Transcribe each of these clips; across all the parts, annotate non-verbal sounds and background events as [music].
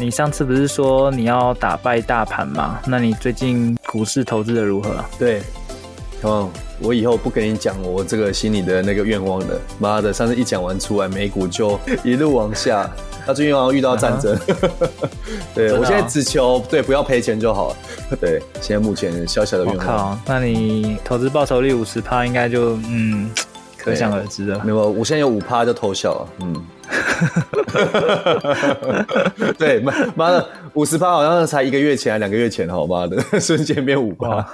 你上次不是說你要打敗大盤嗎？那你最近股市投資的如何？對，嗯，我以後不跟你講我這個心裡的那個願望了。媽的，上次一講完出來，美股就一路往下。他最近好像遇到戰爭。嗯、 [laughs] 對、哦、我現在只求對不要賠錢就好了。對，現在目前小小的願望。好、哦、那你投資報酬率五十趴，應該就嗯可想而知了。沒有，我現在有五趴就偷笑了。嗯。哈哈哈！哈，對，媽的，五十八好像才一個月前、啊，兩個月前好，媽的，瞬間變五八。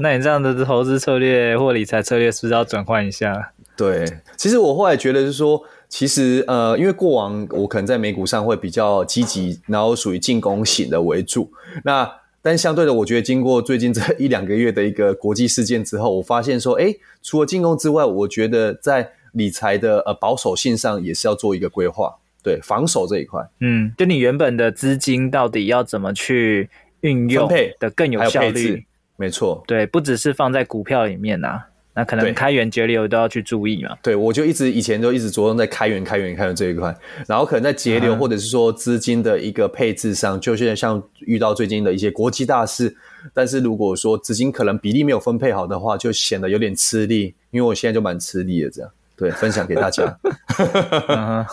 那你這樣的投資策略或理財策略是不是要轉換一下？對，其實我後來覺得就是說，其實呃，因為過往我可能在美股上會比較積極，然後屬於進攻型的為主。那但相對的，我覺得經過最近這一兩個月的一個國際事件之後，我發現說，誒、欸，除了進攻之外，我覺得在理財的呃保守性上也是要做一個規劃，對，防守這一塊，嗯，就你原本的資金到底要怎麼去運用的更有效率，沒錯，對，不只是放在股票裡面吶、啊，那可能開源節流都要去注意嘛。對，對我就一直以前就一直着重在開源開源開源，開源這一塊，然後可能在節流、嗯、或者是說資金的一個配置上，就在、是、像遇到最近的一些國際大事，但是如果說資金可能比例沒有分配好的話，就顯得有點吃力，因為我現在就蠻吃力的這樣。對，分享給大家、 [laughs] 嗯。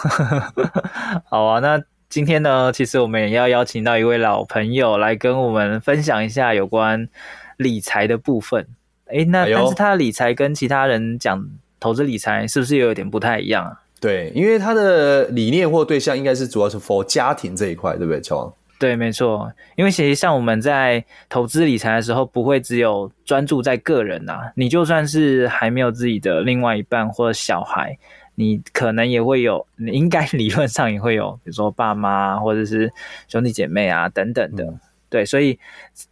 好啊，那今天呢，其實我們也要邀請到一位老朋友來跟我們分享一下有關理財的部分。誒，那但是他的理財跟其他人講投資理財，是不是有點不太一樣、啊？對，因為他的理念或對象應該是主要是 for 家庭這一塊，對不對，喬？對，沒錯，因為其實像我們在投資理財的時候，不會只有專注在個人吶、啊。你就算是還沒有自己的另外一半或者小孩，你可能也會有，你應該理論上也會有，比如說爸媽啊，或者是兄弟姐妹啊等等的、嗯。對，所以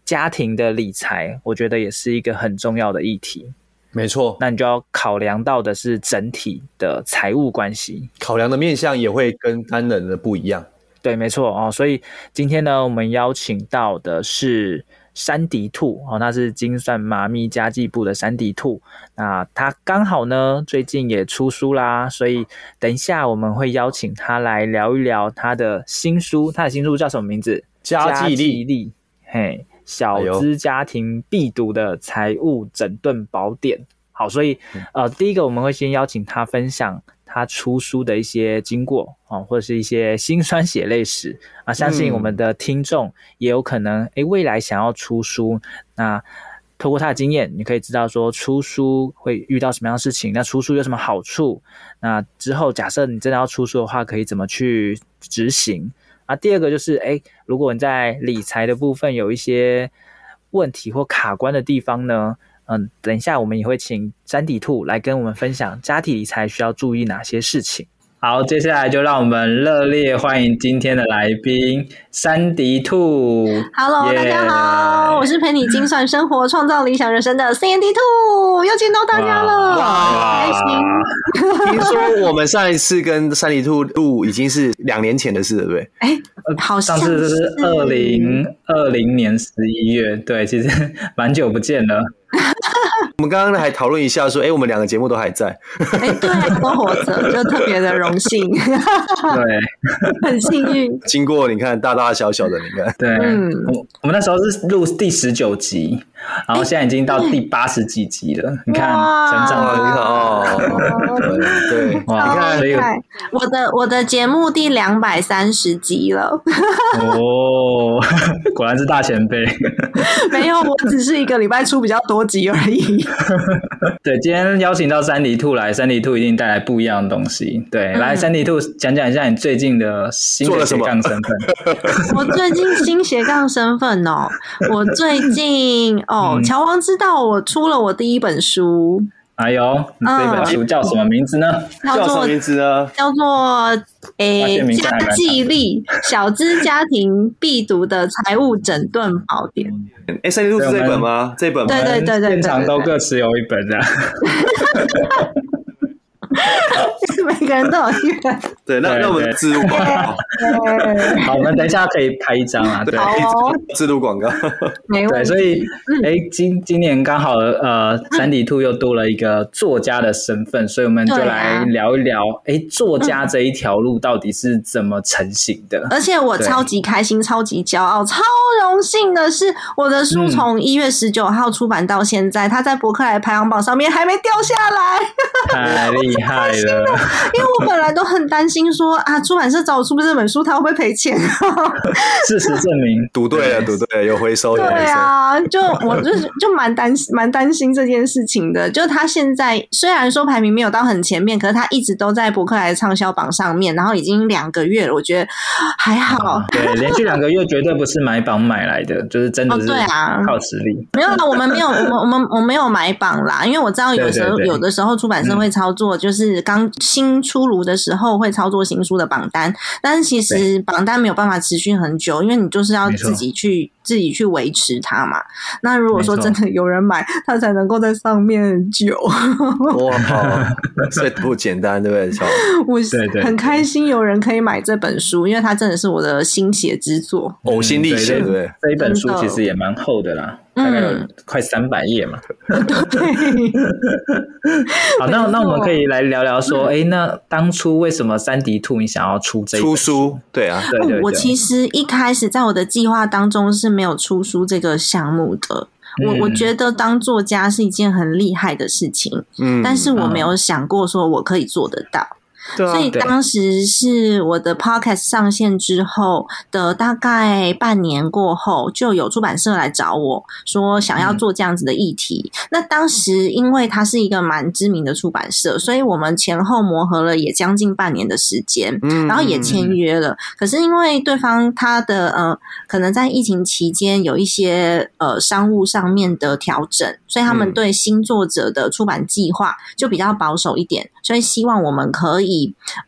家庭的理財，我覺得也是一個很重要的議題。沒錯，那你就要考量到的是整體的財務關係，考量的面向也會跟單人的不一樣。對，沒錯哦，所以今天呢，我們邀請到的是珊迪兔哦，那是精算媽咪家計部的珊迪兔，那他剛好呢，最近也出書啦，所以等一下我們會邀請他來聊一聊他的新書，他的新書叫什麼名字？家計力，嘿，小資家庭必讀的財務整頓寶典，哎。好，所以呃，第一個我們會先邀請他分享。他出書的一些經過啊，或者是一些辛酸血淚史啊，相信我們的聽眾也有可能誒、嗯欸，未來想要出書，那透過他的經驗，你可以知道說出書會遇到什麼樣的事情，那出書有什麼好處？那之後假設你真的要出書的話，可以怎麼去執行？啊，第二個就是誒、欸，如果你在理財的部分有一些問題或卡關的地方呢？嗯，等一下，我們也會請珊迪兔來跟我們分享家庭理財需要注意哪些事情。好，接下來就讓我們熱烈歡迎今天的來賓珊迪兔。Hello，yeah, 大家好，我是陪你精算生活、創造理想人生的珊迪兔，又見到大家了，好開心。聽說我們上一次跟珊迪兔錄已經是兩年前的事了，對不對？哎、欸，好像是二零二零年十一月，嗯。對，其實蠻久不見了。 [laughs] 我們剛剛還討論一下說，哎、欸，我們兩個節目都還在，哎、 [laughs] 欸，對，都活着，就特別的榮幸， [laughs] 對，很幸運。經過你看，大大小小的，你看，對，嗯，我們，我們那時候是錄第十九集。然後現在已經到第八十幾集了，欸、你看成長了哦，對，對厲害，哇，所以我的我的節目第兩百三十集了，哦， [laughs] 果然是大前輩，沒有，我只是一個禮拜出比較多集而已， [laughs] 對，今天邀請到珊迪兔來，珊迪兔一定帶來不一樣的東西，對，來，珊迪兔講講一下你最近的新斜槓身份。 [laughs] 我最近新斜槓身份哦，我最近。哦，喬王知道我出了我第一本書，嗯。哎呦，這本書叫什麼名字呢？叫做什麼名字？叫做《哎、欸、家計力 [laughs] 小資家庭必讀的財務整頓寶典》嗯。哎、欸，珊迪兔這本嗎？這本？對對對對，現場都各持有一本這樣。 [laughs] 每個人都有意願 [laughs] 對，那，那我們置入廣告，好，我們等一下可以拍一張啊，對，置入廣告， [laughs] 對，所以，哎、欸，今，今年剛好呃，珊迪兔又多了一個作家的身份，所以我們就來聊一聊，哎、欸，作家這一條路到底是怎麼成型的？而且我超級開心、超級驕傲、超榮幸的是，我的書從一月十九號出版到現在，嗯、它在博客來排行榜上面還沒掉下來，太厲害了！ [laughs] 因為我本來都很擔心說，說啊，出版社找我出不這本書，他會賠錢、哦。事實證明，賭對了，賭對了，有回收，有回收。對啊，就我就是就蠻擔心，蠻擔心這件事情的。就他現在雖然說排名沒有到很前面，可是他一直都在博客來的暢銷榜上面，然後已經兩個月了，我覺得還好、哦。對，連續兩個月絕對不是買榜買來的，就是真的是對啊，靠實力、哦啊。沒有啊，我們沒有，我們我們我們沒有買榜啦，因為我知道有時候對對對有的時候出版社會操作，就是剛新新出爐的時候會操作新書的榜單，但是其實榜單沒有辦法持續很久，因為你就是要自己去自己去維持它嘛。那如果說真的有人買，它才能夠在上面久。哇， [laughs] 所以不簡單，對不對？ [laughs] 我很開心有人可以買這本書，因為它真的是我的心血之作，嘔心瀝血。這一本書其實也蠻厚的啦。嗯，快三百頁嘛， [laughs] 對。 [laughs] 好，那那我們可以來聊聊說，哎、嗯欸，那當初為什麼珊迪兔你想要出這出書？對啊，對，對。我其實一開始在我的計劃當中是沒有出書這個項目的。我、嗯、我覺得當作家是一件很厲害的事情，嗯，但是我沒有想過說我可以做得到。所以當時是我的 podcast 上線之後的大概半年過後，就有出版社來找我說想要做這樣子的議題。嗯。那當時因為他是一個蠻知名的出版社，所以我們前後磨合了也將近半年的時間，然後也簽約了。可是因為對方他的呃，可能在疫情期間有一些呃商務上面的調整，所以他們對新作者的出版計劃就比較保守一點，所以希望我們可以。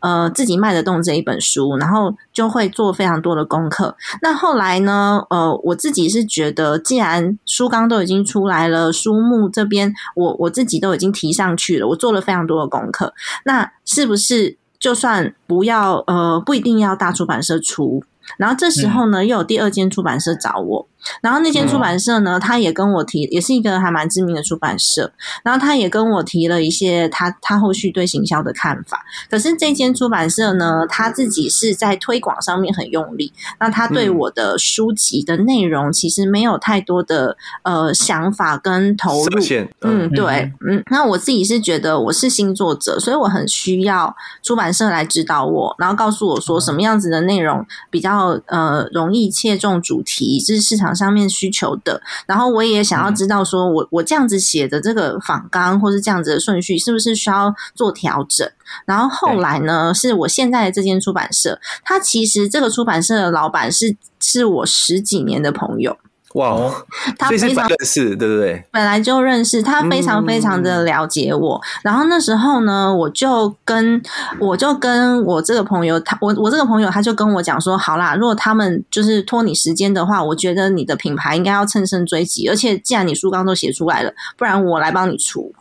呃，自己賣得動這一本書，然後就會做非常多的功課。那後來呢？呃，我自己是覺得，既然書綱都已經出來了，書目這邊我我自己都已經提上去了，我做了非常多的功課。那是不是就算不要呃，不一定要大出版社出？然後這時候呢，又有第二間出版社找我。然後那間出版社呢，他也跟我提，也是一個還蠻知名的出版社。然後他也跟我提了一些他他後續對行銷的看法。可是這間出版社呢，他自己是在推廣上面很用力。那他對我的書籍的內容其實沒有太多的呃想法跟投入。嗯，對，嗯。那我自己是覺得我是新作者，所以我很需要出版社來指導我，然後告訴我說什麼樣子的內容比較。要、嗯、呃，容易切中主題，這是市場上面需求的。然後我也想要知道，說我我這樣子寫的這個仿綱，或是這樣子的順序，是不是需要做調整？然後後來呢，是我現在的這間出版社，它其實這個出版社的老闆是是我十幾年的朋友。哇哦，他非常認識，對不對？本來就認識，他非常非常的了解我。嗯、然後那時候呢，我就跟我就跟我這個朋友，他我我這個朋友他就跟我講說：好啦，如果他們就是拖你時間的話，我覺得你的品牌應該要乘勝追擊。而且既然你書剛都寫出來了，不然我來幫你出。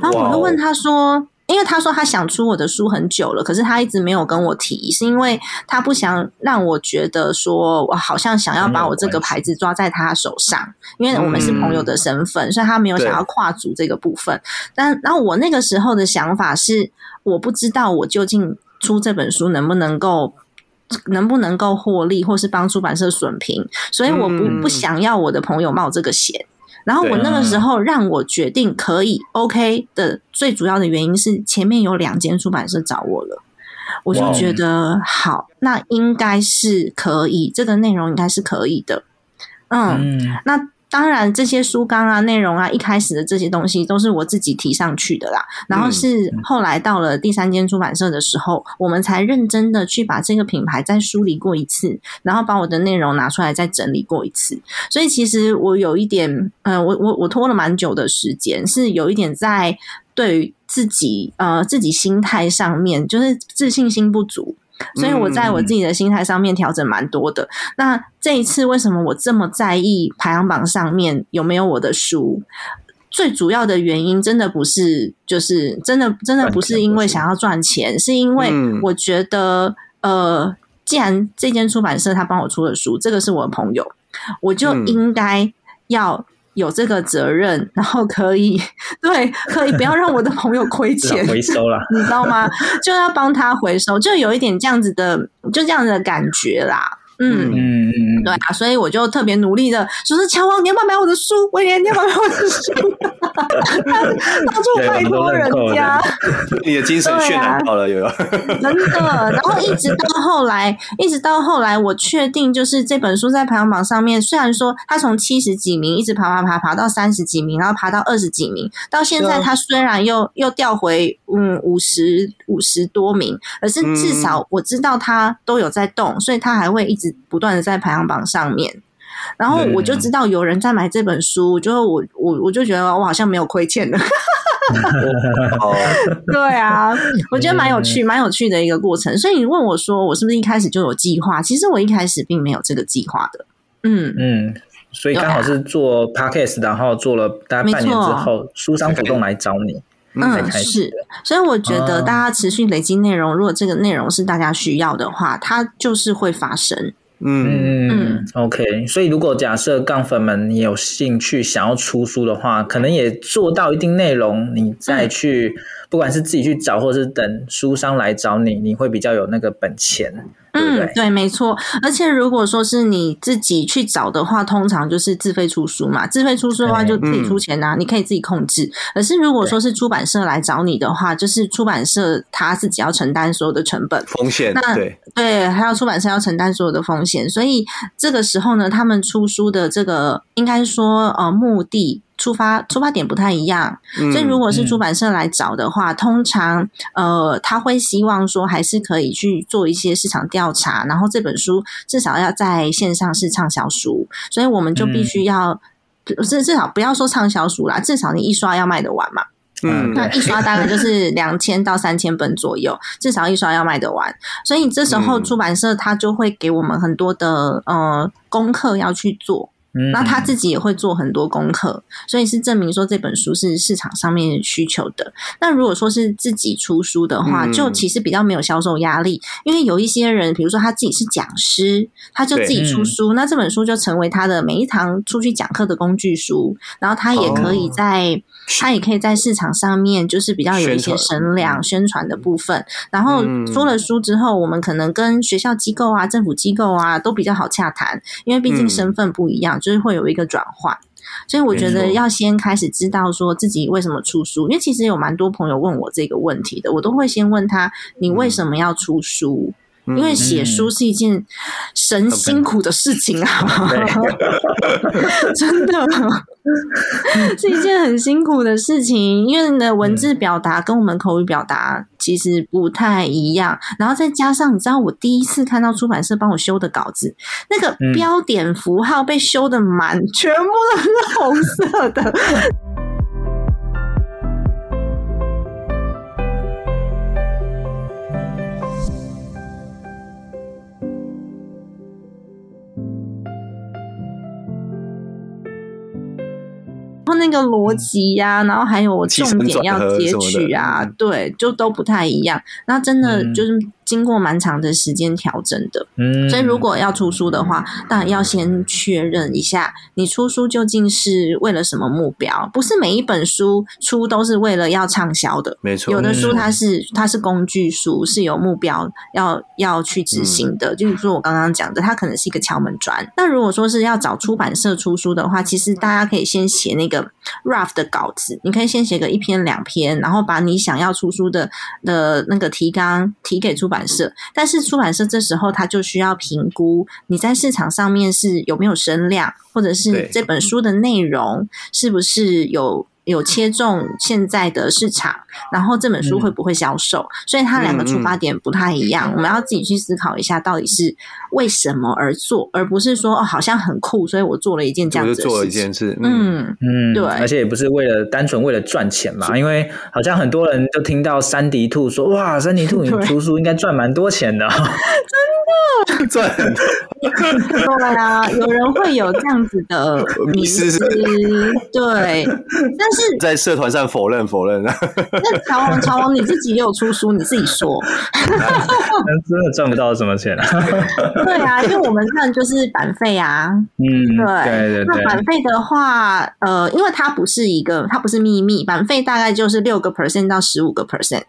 然後我就問他說。Wow。因為他說他想出我的書很久了，可是他一直沒有跟我提，是因為他不想讓我覺得說我好像想要把我這個牌子抓在他手上，因為我們是朋友的身份，嗯，所以他沒有想要跨足這個部分。但然後我那個時候的想法是，我不知道我究竟出這本書能不能夠能不能夠獲利，或是幫出版社損平，所以我不不想要我的朋友冒這個險。然後我那個時候讓我決定可以 OK 的最主要的原因是前面有兩間出版社找我了，我就覺得好，那應該是可以，這個內容應該是可以的，嗯，那。當然，這些書綱啊、內容啊，一開始的這些東西都是我自己提上去的啦。然後是後來到了第三間出版社的時候，我們才認真的去把這個品牌再梳理過一次，然後把我的內容拿出來再整理過一次。所以其實我有一點，嗯、呃，我我我拖了蠻久的時間，是有一點在對於自己呃自己心態上面，就是自信心不足。所以我在我自己的心態上面調整蠻多的。那這一次為什麼我這麼在意排行榜上面有沒有我的書？最主要的原因真的不是，就是真的真的不是因為想要賺錢，是因為我覺得，呃，既然這間出版社他幫我出了書，這個是我的朋友，我就應該要。有這個責任，然後可以對，可以不要讓我的朋友虧錢， [laughs] 回收了，你知道嗎？ [laughs] 就要幫他回收，就有一點這樣子的，就這樣子的感覺啦。嗯嗯嗯，對啊，所以我就特別努力的，說是喬王你要不要買我的書？我廉你要，要買我的書， [laughs] [laughs] 到處拜托人家，也的 [laughs] 你的精神血量好了有有、啊、 [laughs] 真的。然後一直到後來，一直到後來，我確定就是這本書在排行榜上面，雖然說他從七十幾名一直爬爬爬爬到三十幾名，然後爬到二十幾名，到現在他雖然又、啊、又掉回嗯五十五十多名，可是至少我知道他都有在動，嗯、所以他還會一直。不斷的在排行榜上面，然後我就知道有人在買這本書，我就我我我就覺得我好像沒有虧欠的， [laughs] 對啊，我覺得蠻有趣，蠻有趣的一個過程。所以你問我說，我是不是一開始就有計劃？其實我一開始並沒有這個計劃的，嗯嗯，所以剛好是做 podcast，然後做了大概半年之後，沒錯。書商主動來找你。嗯，是，所以我覺得大家持續累積內容、哦，如果這個內容是大家需要的話，它就是會發生。嗯嗯，OK。所以如果假設槓粉們你有興趣想要出書的話，可能也做到一定內容，你再去、嗯，不管是自己去找，或者是等書商來找你，你會比較有那個本錢。對對嗯，對，沒錯。而且如果說是你自己去找的話，通常就是自費出書嘛。自費出書的話，就自己出錢啊、嗯，你可以自己控制。可是如果說是出版社來找你的話，就是出版社他自己要承擔所有的成本風險。那對對，還有出版社要承擔所有的風險。所以這個時候呢，他們出書的這個應該說呃目的。出發出發點不太一樣，嗯，所以如果是出版社來找的話，嗯，通常呃他會希望說還是可以去做一些市場調查，然後這本書至少要在線上是暢銷書，所以我們就必須要至，嗯，至少不要說暢銷書啦，至少你一刷要賣得完嘛。嗯，那一刷大概就是兩千到三千本左右， [laughs] 至少一刷要賣得完，所以這時候出版社他就會給我們很多的，嗯，呃功課要去做。那他自己也會做很多功課，所以是證明說這本書是市場上面需求的。那如果說是自己出書的話，就其實比較沒有銷售壓力，因為有一些人，比如說他自己是講師，他就自己出書，那這本書就成為他的每一堂出去講課的工具書，然後他也可以在。他也可以在市場上面，就是比較有一些聲量宣傳的部分。然後出了書之後，我們可能跟學校機構啊、政府機構啊都比較好洽談，因為畢竟身份不一樣，就是會有一個轉換。所以我覺得要先開始知道說自己為什麼出書，因為其實有蠻多朋友問我這個問題的，我都會先問他，你為什麼要出書？因為寫書是一件神辛苦的事情啊，okay， [laughs] 真的是一件很辛苦的事情。因為你的文字表達跟我們口語表達其實不太一樣，然後再加上你知道，我第一次看到出版社幫我修的稿子，那個標點符號被修得滿，全部都是紅色的。 [laughs] 那個邏輯呀，然後還有重點要截取啊，對，就都不太一樣。那真的就是、嗯。經過蠻長的時間調整的，嗯，所以如果要出書的話，當然要先確認一下你出書究竟是為了什麼目標？不是每一本書出都是為了要暢銷的，沒錯，有的書它是、嗯、它是工具書，是有目標要要去執行的。嗯、就是說我剛剛講的，它可能是一個敲門磚。那如果說是要找出版社出書的話，其實大家可以先寫那個 rough 的稿子，你可以先寫個一篇兩篇，然後把你想要出書的的那個提綱提給出版版社，但是出版社這時候他就需要評估你在市場上面是有沒有聲量，或者是這本書的內容是不是有。有切中現在的市場，然後這本書會不會銷售，嗯？所以它兩個出發點不太一樣。嗯嗯，我們要自己去思考一下，到底是為什麼而做，而不是說哦，好像很酷，所以我做了一件這樣子的事情。嗯、就是、嗯，對。而且也不是為了單純為了賺錢嘛，因為好像很多人就聽到珊迪兔說：“哇，珊迪兔，你出書應該賺蠻多錢的哦。” [laughs] 真的賺 [laughs] 很多。對啊，有人會有這樣子的迷思 [laughs] 對，但是。在社團上否認，否認啊！那曹文曹文，你自己也有出書，你自己說， [laughs] 真的賺不到什麼錢。 [laughs] 對啊，因為我們看就是版費啊，嗯，對，對對對，那版費的話，呃，因為它不是一個，它不是秘密，版費大概就是六個 percent 到十五個 percent。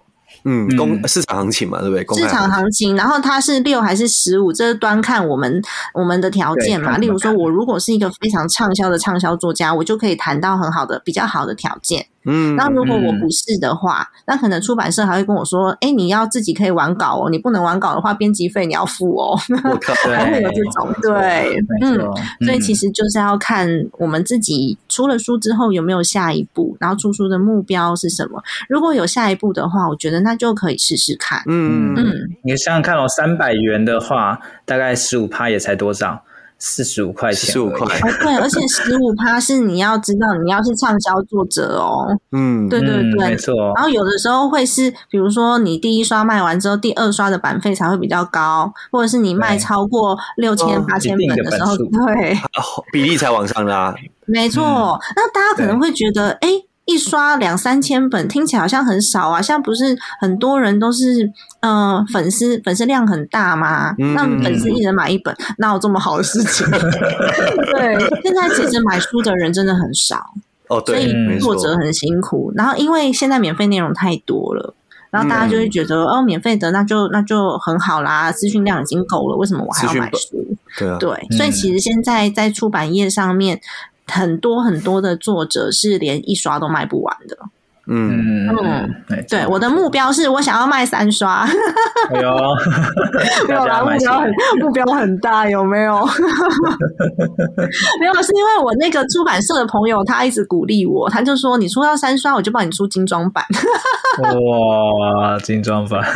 嗯，公嗯市場行情嘛，對不對？公市場行情，然後它是六還是十五，這是端看我們我們的條件嘛。例如說，我如果是一個非常暢銷的暢銷作家，我就可以談到很好的、比較好的條件。嗯，那如果我不是的話、嗯，那可能出版社還會跟我說：“哎，你要自己可以完稿哦，你不能完稿的話，編輯費你要付哦。”還會 [laughs] 有這種、哦、對、對嗯，嗯，所以其實就是要看我們自己。出了書之後有沒有下一步？然後出書的目標是什麼？如果有下一步的話，我覺得那就可以試試看。嗯，嗯，你想想看哦，三百元的話，大概十五趴也才多少？四十五塊錢，十五塊、哦。對， [laughs] 而且十五趴是你要知道，你要是暢銷作者哦。嗯，對對對，嗯、沒錯、哦。然後有的時候會是，比如說你第一刷賣完之後，第二刷的版費才會比較高，或者是你賣超過六千八千本的時候，對，比例才往上拉。沒錯，嗯、那大家可能會覺得，哎。誒一刷兩三千本，聽起來好像很少啊！現在不是很多人都是嗯、呃、粉絲粉絲量很大嗎？讓、嗯、粉絲一人買一本，嗯，哪有這麼好的事情？ [laughs] 對， [laughs] 現在其實買書的人真的很少，哦，所以作者很辛苦。嗯、然後因為現在免費內容太多了，然後大家就會覺得、嗯、哦，免費的那就那就很好啦，資訊量已經夠了，為什麼我還要買書？對、啊對嗯，所以其實現在在出版業上面。很多很多的作者是連一刷都賣不完的。嗯嗯，對，我的目標是我想要賣三刷。 [laughs] 哎、呦 [laughs] 沒有，有啦，目標很目標很大，有沒有？ [laughs] [laughs] 沒有，是因為我那個出版社的朋友他一直鼓勵我，他就說：“你出到三刷，我就幫你出精裝版。 [laughs] ”哇，精裝版！ [laughs]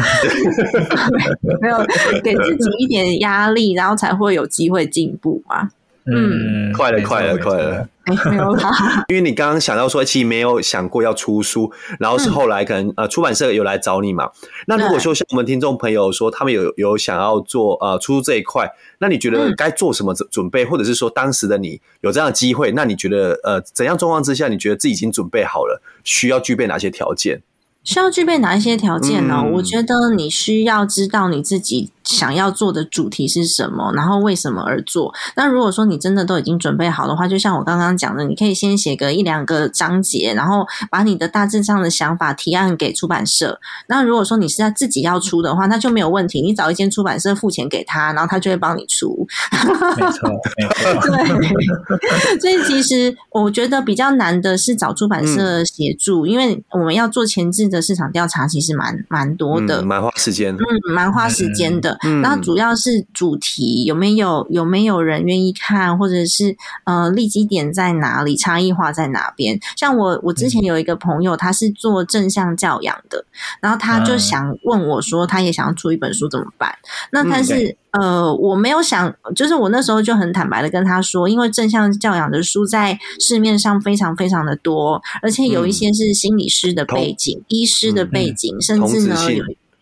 沒有，給自己一點壓力，然後才會有機會進步嘛、啊。嗯，快了，快了，快了。沒有啦，了 [laughs] 因為你剛剛想到說，其實沒有想過要出書，嗯、然後是後來可能呃出版社有來找你嘛、嗯。那如果說像我們聽眾朋友說，他們有有想要做呃出書這一塊，那你覺得該做什麼準備、嗯？或者是說當時的你有這樣的機會，那你覺得呃怎樣狀況之下，你覺得自己已經準備好了？需要具備哪些條件？需要具備哪一些條件呢、哦嗯？我覺得你需要知道你自己。想要做的主題是什麼？然後為什麼而做？那如果說你真的都已經準備好的話，就像我剛剛講的，你可以先寫個一兩個章節，然後把你的大致上的想法提案給出版社。那如果說你是要自己要出的話，那就沒有問題，你找一間出版社付錢給他，然後他就會幫你出。 [laughs] [laughs] 沒錯，對。所以其實我覺得比較難的是找出版社協助，嗯，因為我們要做前置的市場調查，其實蠻蠻多的，嗯，蠻花時間，嗯，蠻花時間的。嗯、那主要是主題有沒有有沒有人願意看，或者是呃，立基點在哪裡，差異化在哪邊？像我，我之前有一個朋友，嗯、他是做正向教養的，然後他就想問我說、嗯，他也想要出一本書怎麼辦？那但是，嗯、呃，我沒有想，就是我那時候就很坦白的跟他說，因為正向教養的書在市面上非常非常的多，而且有一些是心理師的背景，醫師的背景，嗯嗯、甚至呢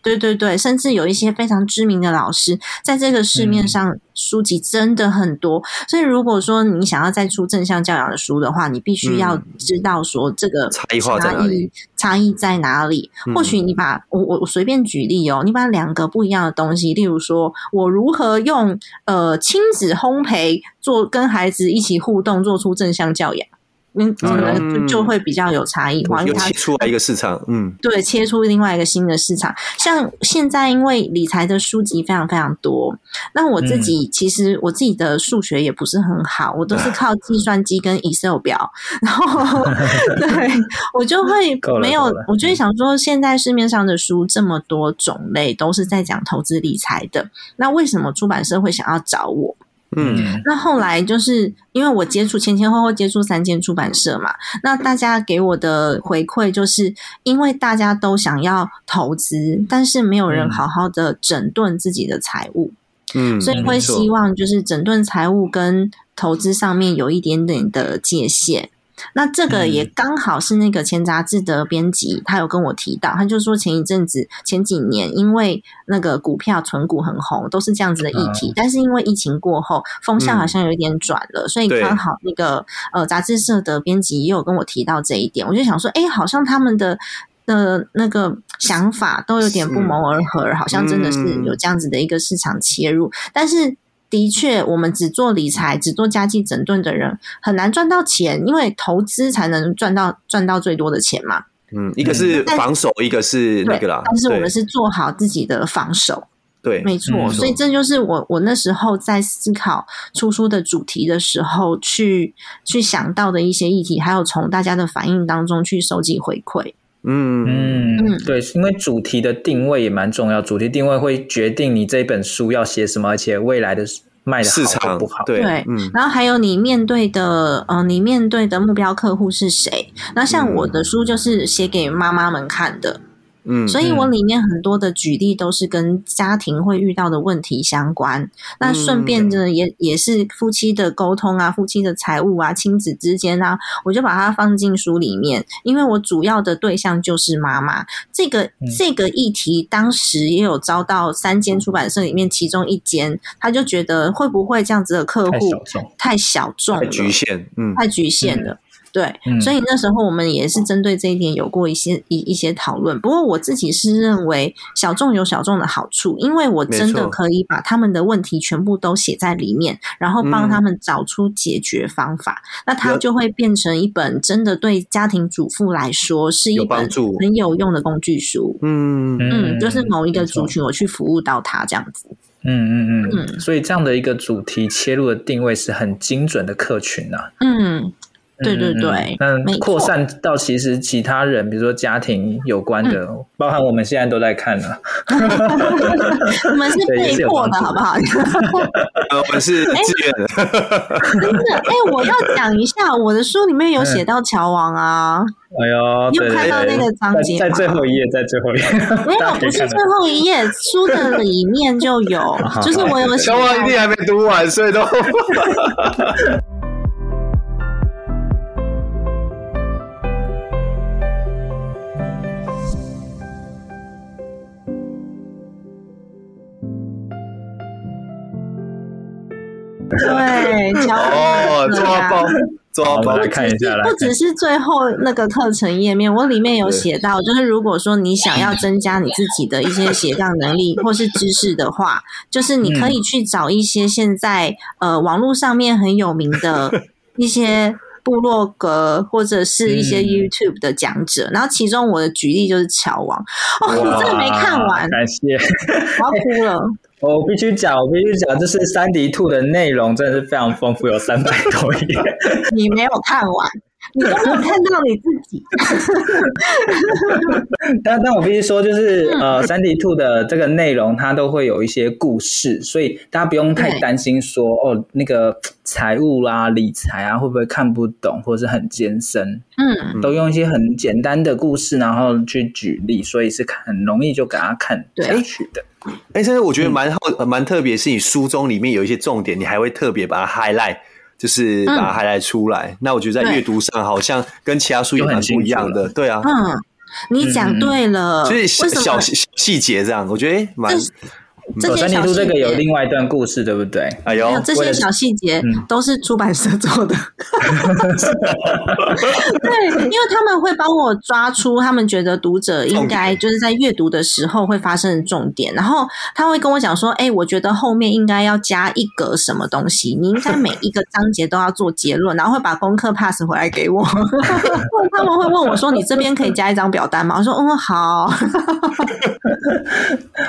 對對對，甚至有一些非常知名的老師，在這個市面上書籍真的很多，嗯、所以如果說你想要再出正向教養的書的話，你必須要知道說，這個差異差異在，在哪裡。或許你把我我我隨便舉例哦、喔，你把兩個不一樣的東西，例如說我如何用呃親子烘焙做跟孩子一起互動，做出正向教養。嗯，可能就會比較有差異。完全它切出來一個市場，嗯，對，切出另外一個新的市場。像現在，因為理財的書籍非常非常多，那我自己其實我自己的數學也不是很好，嗯、我都是靠計算機跟 Excel 表，啊。然後， [laughs] 對我就會沒有，我就會想說，現在市面上的書這麼多種類，都是在講投資理財的，那為什麼出版社會想要找我？嗯，那後來就是因為我接觸前前後後接觸三間出版社嘛，那大家給我的回饋就是因為大家都想要投資，但是沒有人好好的整頓自己的財務，嗯，所以會希望就是整頓財務跟投資上面有一點點的界限。那這個也剛好是那個前雜誌的編輯，他有跟我提到，他就說前一陣子，前幾年，因為那個股票、存股很紅，都是這樣子的議題。但是因為疫情過後，風向好像有一點轉了，所以剛好那個呃雜誌社的編輯也有跟我提到這一點，我就想說，哎，好像他們的的那個想法都有點不謀而合，好像真的是有這樣子的一個市場切入，但是。的確，我們只做理財、只做家計整頓的人很難賺到錢，因為投資才能賺到賺到最多的錢嘛。嗯，一個是防守，一個是那個啦。但是我們是做好自己的防守。對，對沒錯、嗯。所以這就是我我那時候在思考出書的主題的時候去，去去想到的一些議題，還有從大家的反應當中去收集回饋。嗯嗯，對，因為主題的定位也蠻重要，嗯，主題定位會決定你這本書要寫什麼，而且未來的賣的市場好不好？對，然後還有你面對的，呃，你面對的目標客戶是誰？那像我的書就是寫給媽媽們看的。嗯嗯，所以我裡面很多的舉例都是跟家庭會遇到的問題相關。嗯、那順便呢，也、嗯、也是夫妻的溝通啊，夫妻的財務啊，親子之間啊，我就把它放進書裡面。因為我主要的對象就是媽媽，這個、嗯、這個議題當時也有遭到三間出版社裡面其中一間，他就覺得會不會這樣子的客戶太小眾，太局限，嗯，太局限了。嗯嗯對、嗯，所以那時候我們也是針對這一點有過一些一一些討論。不過我自己是認為小眾有小眾的好處，因為我真的可以把他們的問題全部都寫在裡面，然後幫他們找出解決方法。嗯、那它就會變成一本真的對家庭主婦來說是一本很有用的工具書。嗯嗯，就是某一個族群，我去服務到他這樣子。嗯嗯嗯，嗯。所以這樣的一個主題切入的定位是很精準的客群呢、啊。嗯。對對對，嗯，擴散到其實其他人，比如說家庭有關的，嗯、包含我們現在都在看了。 [laughs] [laughs] [laughs] 我們是被迫的好不好？我們是自願的。真是哎，我要講一下，我的書裡面有寫到喬王啊。哎、嗯、呦，你有看到那個章節、欸、在最後一頁，在最後一頁。在最後一頁 [laughs] 沒有，不是最後一頁， [laughs] 書的裡面就有。 [laughs] 就是我有寫到喬王，一定還沒讀完， [laughs] 所以都。 [laughs] 對，喬王，啊，抓包抓包，哦、來看一下，不只是最後那個課程頁面，我裡面有寫到，就是如果說你想要增加你自己的一些寫賬能力或是知識的話，就是你可以去找一些現在、嗯、呃網絡上面很有名的一些部落格或者是一些 YouTube 的講者，嗯、然後其中我的舉例就是喬王，哦，你真的沒看完，感謝，我要哭了。我必須講，我必須講，就是珊迪兔的內容真的是非常豐富，有三百多頁。 [laughs] 你沒有看完，你都沒有看到你自己。 [laughs] 但但我必須說，就是呃，珊迪兔的這個內容它都會有一些故事，所以大家不用太擔心說哦，那個財務啦、啊、理財啊，會不會看不懂或者是很艱深？嗯，都用一些很簡單的故事，然後去舉例，所以是很容易就給他看下去的，對哎、欸，真的，我覺得蠻好，蠻特別是你書中裡面有一些重點，嗯、你還會特別把它 highlight，就是把它 highlight 出來。嗯、那我覺得在閱讀上好像跟其他書也蠻不一樣的，對啊。嗯，你講對了，就是小小細節這樣，我覺得蠻。這些小細節，這個有另外一段故事，對不對？哎呦，這些小細節都是出版社做的。 [laughs] 對，因為他們會幫我抓出他們覺得讀者應該就是在閱讀的時候會發生的重點，然後他會跟我講說：“哎、欸，我覺得後面應該要加一格什麼東西，你應該每一個章節都要做結論。”然後會把功課 pass 回來給我，他們會問我說：“你這邊可以加一張表單嗎？”我說：“嗯、哦，好。 [laughs] ”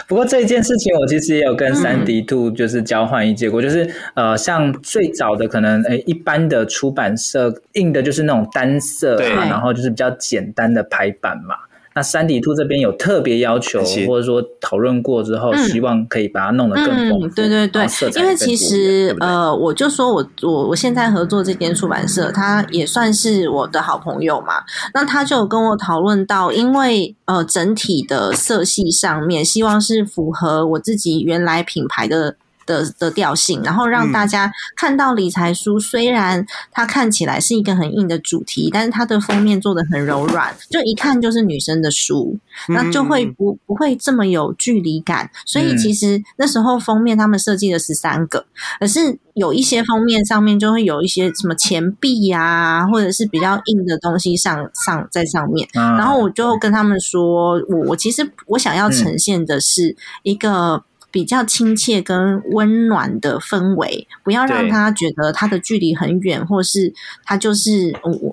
不過這一件事情我。其實也有跟珊迪兔就是交換一結果，就是呃，像最早的可能，哎，一般的出版社印的就是那種單色，啊，然後就是比較簡單的排版嘛。那珊迪兔這邊有特別要求，或者說討論過之後，希望可以把它弄得更豐富……富、嗯嗯、對對對，因為其實對對呃，我就說我我我現在合作這間出版社，他也算是我的好朋友嘛。那他就有跟我討論到，因為呃，整體的色系上面，希望是符合我自己原來品牌的。的的調性，然後讓大家看到理財書、嗯，雖然它看起來是一個很硬的主題，但是它的封面做的很柔軟，就一看就是女生的書，嗯、那就會不不會這麼有距離感。所以其實那時候封面他們設計了十三個，可、嗯、是有一些封面上面就會有一些什麼錢幣呀，或者是比較硬的東西上上在上面、啊。然後我就跟他們說，我、嗯、我其實我想要呈現的是一個。比較親切跟溫暖的氛圍，不要讓他覺得他的距離很遠，或是他就是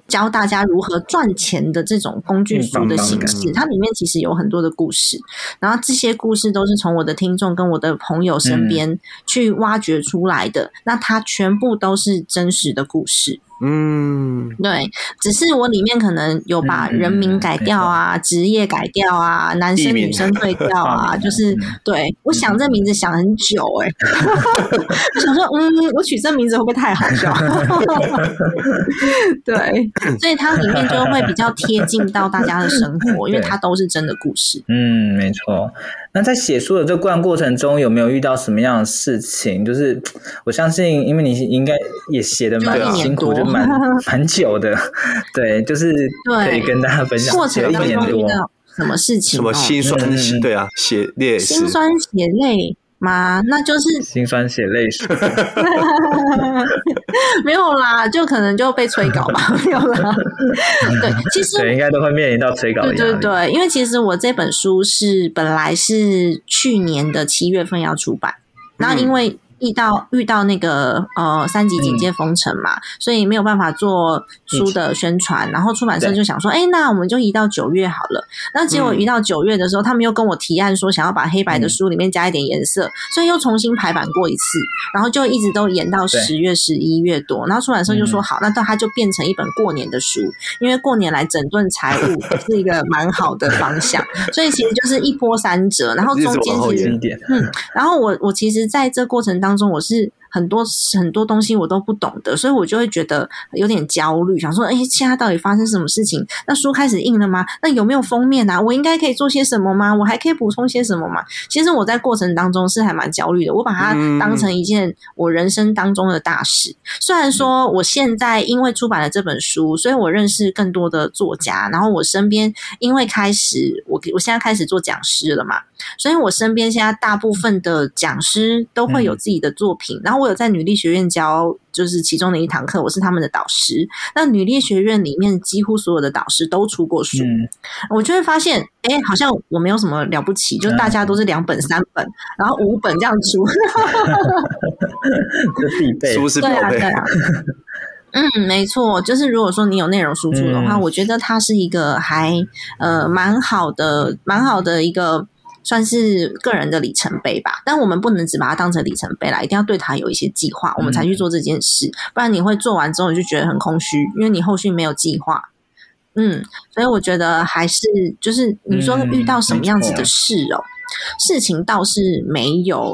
教大家如何賺錢的這種工具書的形式。嗯，棒棒的。它裡面其實有很多的故事，然後這些故事都是從我的聽眾跟我的朋友身邊去挖掘出來的，嗯，那它全部都是真實的故事。嗯，對，只是我裡面可能有把人名改掉啊，嗯嗯、職業改掉啊，男生女生對調啊，就是對、嗯、我想這名字想很久哎、欸， [laughs] 我想說嗯，我取這名字會不會太好笑？ [laughs] 對，所以它裡面就會比較貼近到大家的生活，嗯、因為它都是真的故事。嗯，沒錯。那在寫書的這過過程中，有沒有遇到什麼樣的事情？就是我相信，因為你應該也寫的蠻辛苦，啊、就蠻蠻 [laughs] 久的。對，就是可以跟大家分享。過程了一年多。什麼事情、欸？什麼辛酸、嗯？對啊，血淚史辛酸血，淚。媽那就是心酸血淚史， [laughs] 沒有啦，就可能就被催稿吧，沒有啦。 [laughs] 對，其實對應該都會面臨到催稿的。對對對，因為其實我這本書是本來是去年的七月份要出版，那因為。嗯遇到遇到那個呃三級警戒封城嘛、嗯，所以沒有辦法做書的宣傳、嗯，然後出版社就想說，哎、欸，那我們就移到九月好了。那結果移到九月的時候、嗯，他們又跟我提案說，想要把黑白的書裡面加一點顏色、嗯，所以又重新排版過一次，然後就一直都延到十月、十一月多。然後出版社就說、嗯、好，那到他就變成一本過年的書，因為過年來整頓財務 [laughs] 是一個蠻好的方向，所以其實就是一波三折。然後中間其實是嗯，然後我我其實在這過程當中。當中，我是。很多很多東西我都不懂的，所以我就會覺得有點焦慮，想說：哎、欸，現在到底發生什麼事情？那書開始印了嗎？那有沒有封面啊？我應該可以做些什麼嗎？我還可以補充些什麼嗎？其實我在過程當中是還蠻焦慮的，我把它當成一件我人生當中的大事、嗯。雖然說我現在因為出版了這本書，所以我認識更多的作家，然後我身邊因為開始我我現在開始做講師了嘛，所以我身邊現在大部分的講師都會有自己的作品，然後、嗯。嗯我有在女力學院教，就是其中的一堂課，我是他們的導師。那女力學院裡面幾乎所有的導師都出過書，嗯、我就會發現，哎、欸，好像我沒有什麼了不起，就大家都是兩本、本、三、嗯、本，然後五本這樣出，哈哈哈哈，是必備， [laughs] 是對啊對啊、 [laughs] 嗯，沒錯，就是如果說你有內容輸出的話、嗯，我覺得它是一個還呃蠻好的、蠻好的一個。算是個人的里程碑吧，但我們不能只把它當成里程碑啦，一定要對它有一些計劃，我們才去做這件事。嗯、不然你會做完之後你就覺得很空虛，因為你後續沒有計劃。嗯，所以我覺得還是就是你說遇到什麼樣子的事哦、喔嗯，事情倒是沒有，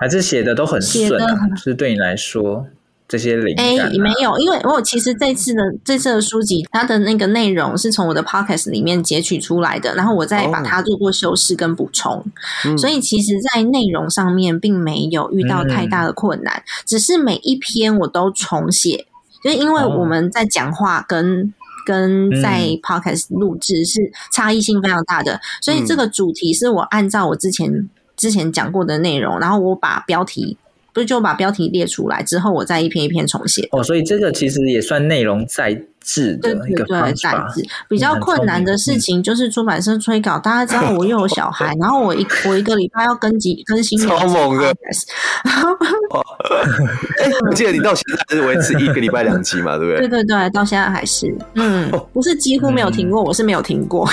還是寫的都很順、啊，是對你來說。這些領哎、啊欸，沒有，因為我其實這次的這次的書籍，它的那個內容是從我的 podcast 裡面截取出來的，然後我再把它做過修飾跟補充、哦嗯，所以其實在內容上面並沒有遇到太大的困難，嗯、只是每一篇我都重寫，就是、因為我們在講話跟、哦嗯、跟在 podcast 錄制是差異性非常大的，所以這個主題是我按照我之前、嗯、之前講過的內容，然後我把標題。不是就把標題列出來之後，我再一篇一篇重寫。哦，所以這個其實也算內容再制的一個方法。對，對，對，再制比較困難的事情就是出版社催稿，嗯、大家知道我又有小孩， [laughs] 然後我一我一個禮拜要更新更新。超猛的、 [laughs] 欸！我記得你到現在還是維持一個禮拜兩集嘛，對不對？ [laughs] 對對對，到現在還是，嗯，不是幾乎沒有停過，嗯、我是沒有停過。 [laughs]